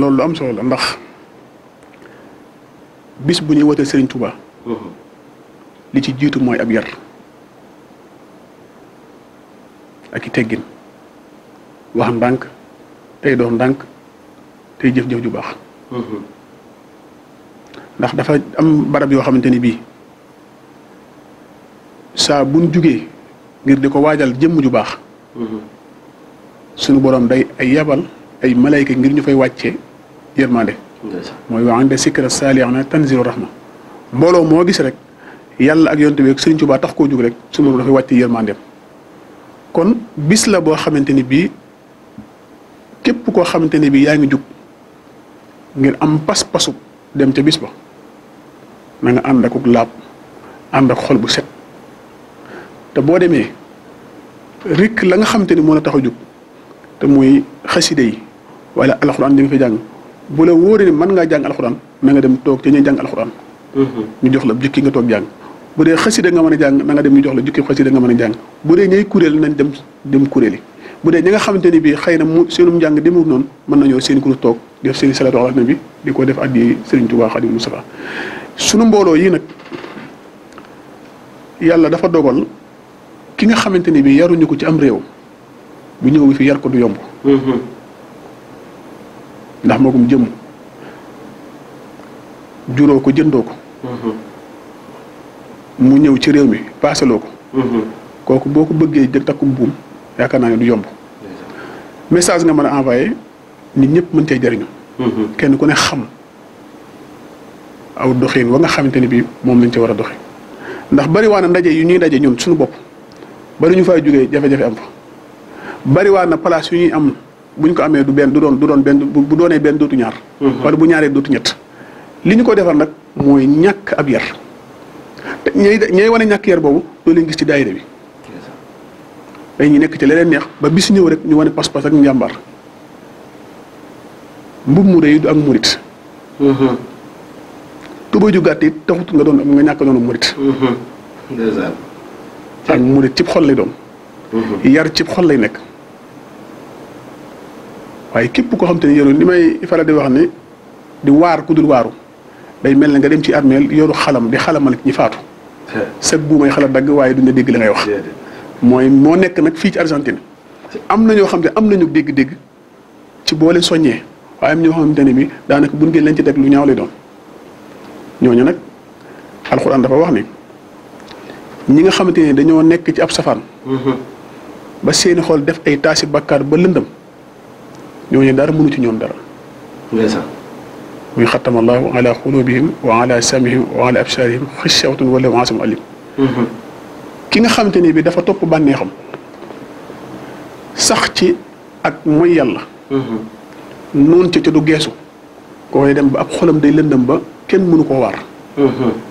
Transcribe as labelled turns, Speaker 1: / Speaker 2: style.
Speaker 1: loolu lu am solo la ndax bis bu ñuy wootee Serigne Touba. Mhm. li ci jiitu mooy ab yar ak i teggin wax ndànk tey dox ndànk tey jëf-jëf ju baax. Mhm. ndax dafa am barab yoo xamante ni bii saa buñ jugee ngir di ko waajal jëmm ju baax. Mhm. sunu borom day ay yabal ay malayka ngir ñu fay wàcce yërmande mooy waa ande sikkara saalihaana tanzilu rahma mbooloo moo gis rek yàlla ak yonte bi ak Sëriñ Tuubaa tax koo jóg rek suñu borom dafay wàcc yërmandeem kon bis la boo xamante ni bii képp koo xamante ni bii yaa ngi jug ngir am pas-pasu dem ca bis ba na nga ànd akuk laab ànd xol bu set te boo demee rik la nga xamante ni moo la tax a jug te muy xaside yi wala alxuraan di nga fi jàng bu la wóoree mën ngaa jàng alxuraan na nga dem toog ca ñuy jàng alxuraan mm-hmm. ñu jox la jukki nga toog jàng bu dee xasida nga mën a jàng na nga dem ñu jox la jukki xasida nga mën a jàng bu dee ñay dem dem kuréel yi bu dee ñi nga xamante ni bii xëy na mu seenum njàng demul noonu mën nañoo seen kuréel toog def seen i salaatu ala nabi di ko def addi Serigne Touba Xaadimu Mustafaa sunu mbooloo yi nag yàlla dafa dogal ki nga xamante ni bii yaruñu ko ci am réew bu ñëw fi yar ko du yomb mm-hmm. ndax magum jëmm juróo ko jëndoo ko. Mm-hmm. mu ñëw ci réew mi paasaloo ko. Mm-hmm. kooku boo ko bëggee jël takkum buum yaakaar naa ne du yomb. message nga mën a envoyé nit ñëpp mën cee jëriñu. Mm-hmm. kenn ku ne xam aw doxin wa nga xamante ni bii moom lañ ci war a doxee ndax bari waa na ndaje yu ñuy ndaje ñun suñu bopp bari ñu fay jógee jafe-jafe am fa bari waa yu ñuy am bu ñu ko amee du benn du doon du doon benn bu doonee benn dootu ñaar. Mhm. wala bu ñaaree dootu ñett. li ñu ko defar nag mooy ñàkk ab yar te ñooy ñooy wane ñàkk yar boobu doo leen gis ci daayira bi. day ñu nekk ci leneen neex ba bis ñëw rek ñu wane pas-pas ak njàmbaar mbub mu rëy du ak murit. Mhm. tuba ju gàtt it taxut nga doon nga ñàkk doon murit. mu mhm. murit cib xol lay doon. yar cib xol lay nekk. waaye képp koo xam te ne li may faral di wax ni di waar ku dul waaru day mel ne nga dem ci armeel yoru xalam di xalamal ñi faatu sag bu may xala dagg waaye duñ dégg la ngay wax mooy moo nekk nag fii ci Argentine am na ñoo xam ne am nañu dégg-dégg ci boo leen soññee waaye am ñoo bi daanaka buñ ngeen leen ci teg lu ñaaw lay doon ñooñu nag alxuraan dafa wax ni ñi nga xamante ne dañoo nekk ci ab safaan mm-hmm. ba seeni xol def ay taasi bakkaar ba lëndëm ñooñu dara mënu ci ñoom dara. ndeysaan. muy xattama allahu ala xulubihim mhm. ki nga xamante ni bi dafa topp bànneexam sax ci ak mooy yàlla. Mhm. noonu ca ca du geesu. koo dem ba ab xolam day lëndëm ba kenn mënu koo waar. Mhm.